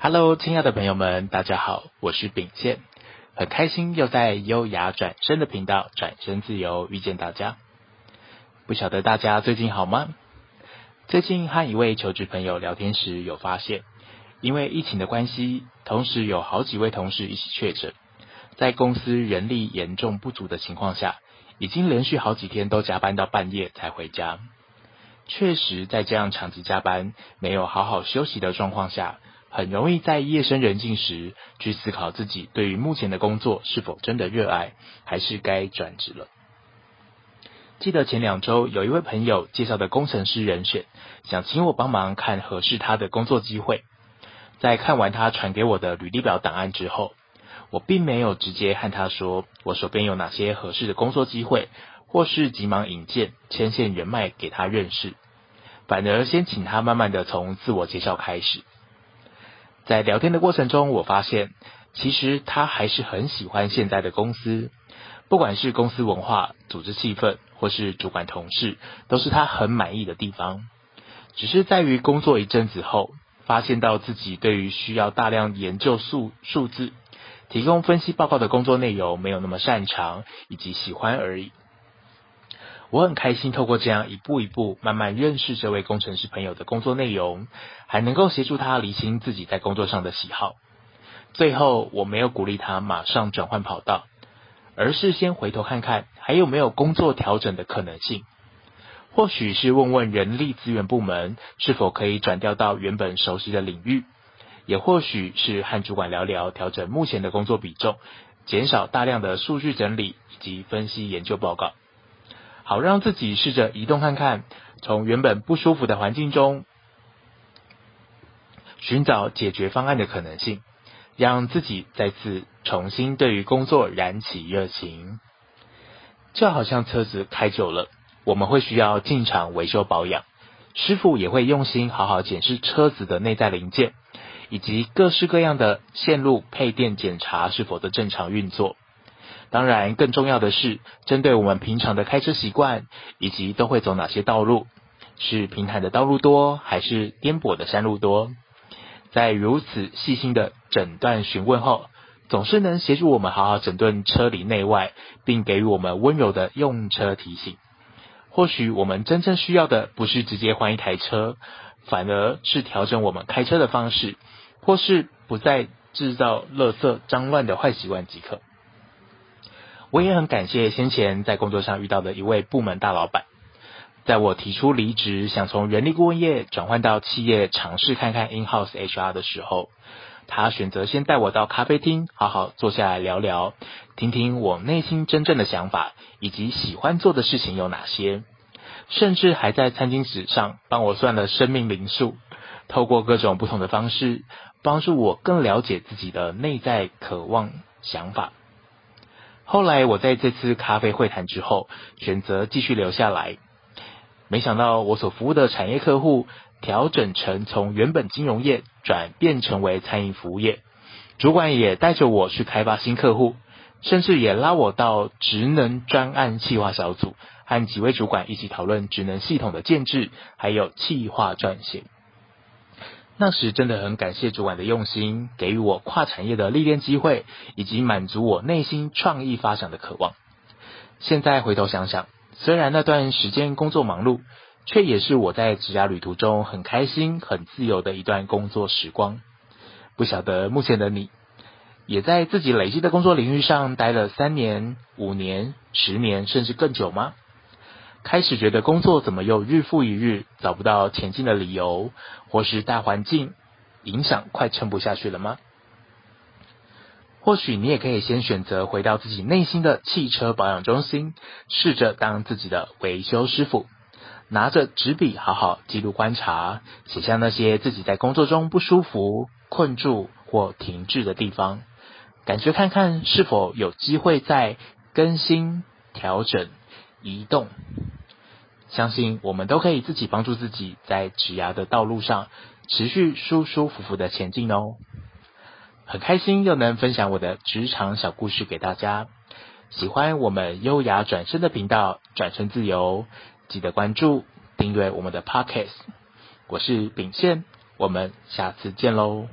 Hello，親愛的朋友們，大家好，我是秉憲，很開心又在優雅轉身的頻道轉身自由遇見大家。不曉得大家最近好嗎？最近和一位求職朋友聊天時，有發現，因為疫情的關係，同時有好幾位同事一起確診，在公司人力嚴重不足的情況下，已經連續好幾天都加班到半夜才回家。確實，在這樣長期加班、沒有好好休息的狀況下。很容易在夜深人靜時去思考自己對於目前的工作是否真的熱愛，還是該轉職了。記得前兩周有一位朋友介紹的工程師人選，想請我幫忙看合適他的工作機會。在看完他傳給我的履歷表檔案之後，我並沒有直接和他說我手邊有哪些合適的工作機會，或是急忙引薦牽線人脈給他認識，反而先請他慢慢的從自我介紹開始。在聊天的過程中，我發現其實他還是很喜歡現在的公司，不管是公司文化、組織氣氛，或是主管同事，都是他很滿意的地方。只是在於工作一陣子後，發現到自己對於需要大量研究數數字、提供分析報告的工作內容沒有那麼擅長，以及喜歡而已。我很開心，透過這樣一步一步慢慢認識這位工程師朋友的工作內容，還能夠協助他釐清自己在工作上的喜好。最後，我沒有鼓勵他馬上轉換跑道，而是先回頭看看還有沒有工作調整的可能性。或許是問問人力資源部門是否可以轉調到原本熟悉的領域，也或許是和主管聊聊調整目前的工作比重，減少大量的數據整理以及分析研究報告。好讓自己試着移動看看，從原本不舒服的環境中尋找解決方案的可能性，讓自己再次重新對於工作燃起熱情。就好像車子開久了，我們會需要進廠維修保養，師傅也會用心好好檢視車子的內在零件，以及各式各樣的線路配電檢查是否的正常運作。當然，更重要的是針對我們平常的開車習慣，以及都會走哪些道路，是平坦的道路多，還是顛簸的山路多？在如此細心的診斷詢問後，總是能協助我們好好整頓車裡內外，並給予我們溫柔的用車提醒。或許我們真正需要的，不是直接換一台車，反而是調整我們開車的方式，或是不再制造垃圾髒亂的壞習慣即可。我也很感謝先前在工作上遇到的一位部門大老闆，在我提出離職，想從人力顧問業轉換到企業嘗試看看 in-house HR 的時候，他選擇先帶我到咖啡廳，好好坐下來聊聊，聽聽我內心真正的想法，以及喜歡做的事情有哪些，甚至還在餐巾紙上幫我算了生命靈數，透過各種不同的方式，幫助我更了解自己的內在渴望想法。後來我在這次咖啡會談之後，選擇繼續留下來。沒想到我所服務的產業客戶調整成從原本金融業轉變成為餐飲服務業，主管也帶着我去開發新客戶，甚至也拉我到職能專案企劃小組，和幾位主管一起討論職能系統的建置，還有企劃撰寫。那時真的很感謝主管的用心，給予我跨產業的歷練機會，以及滿足我內心創意發展的渴望。現在回頭想想，雖然那段時間工作忙碌，卻也是我在職涯旅途中很開心、很自由的一段工作時光。不曉得目前的你，也在自己累積的工作領域上待了三年、五年、十年，甚至更久嗎？開始覺得工作怎麼又日復一日，找不到前進的理由，或是大環境影響，快撐不下去了嗎？或許你也可以先選擇回到自己內心的汽車保養中心，試着當自己的維修師傅，拿着紙筆好好記錄觀察，寫下那些自己在工作中不舒服、困住或停滯的地方，感覺看看是否有機會再更新、調整、移動。相信我們都可以自己幫助自己，在職涯的道路上持續舒舒服服的前進哦。很開心又能分享我的職場小故事給大家。喜歡我們優雅轉身的頻道，轉身自由，記得關注訂閱我們的 Podcast。我是秉憲，我們下次見嘍。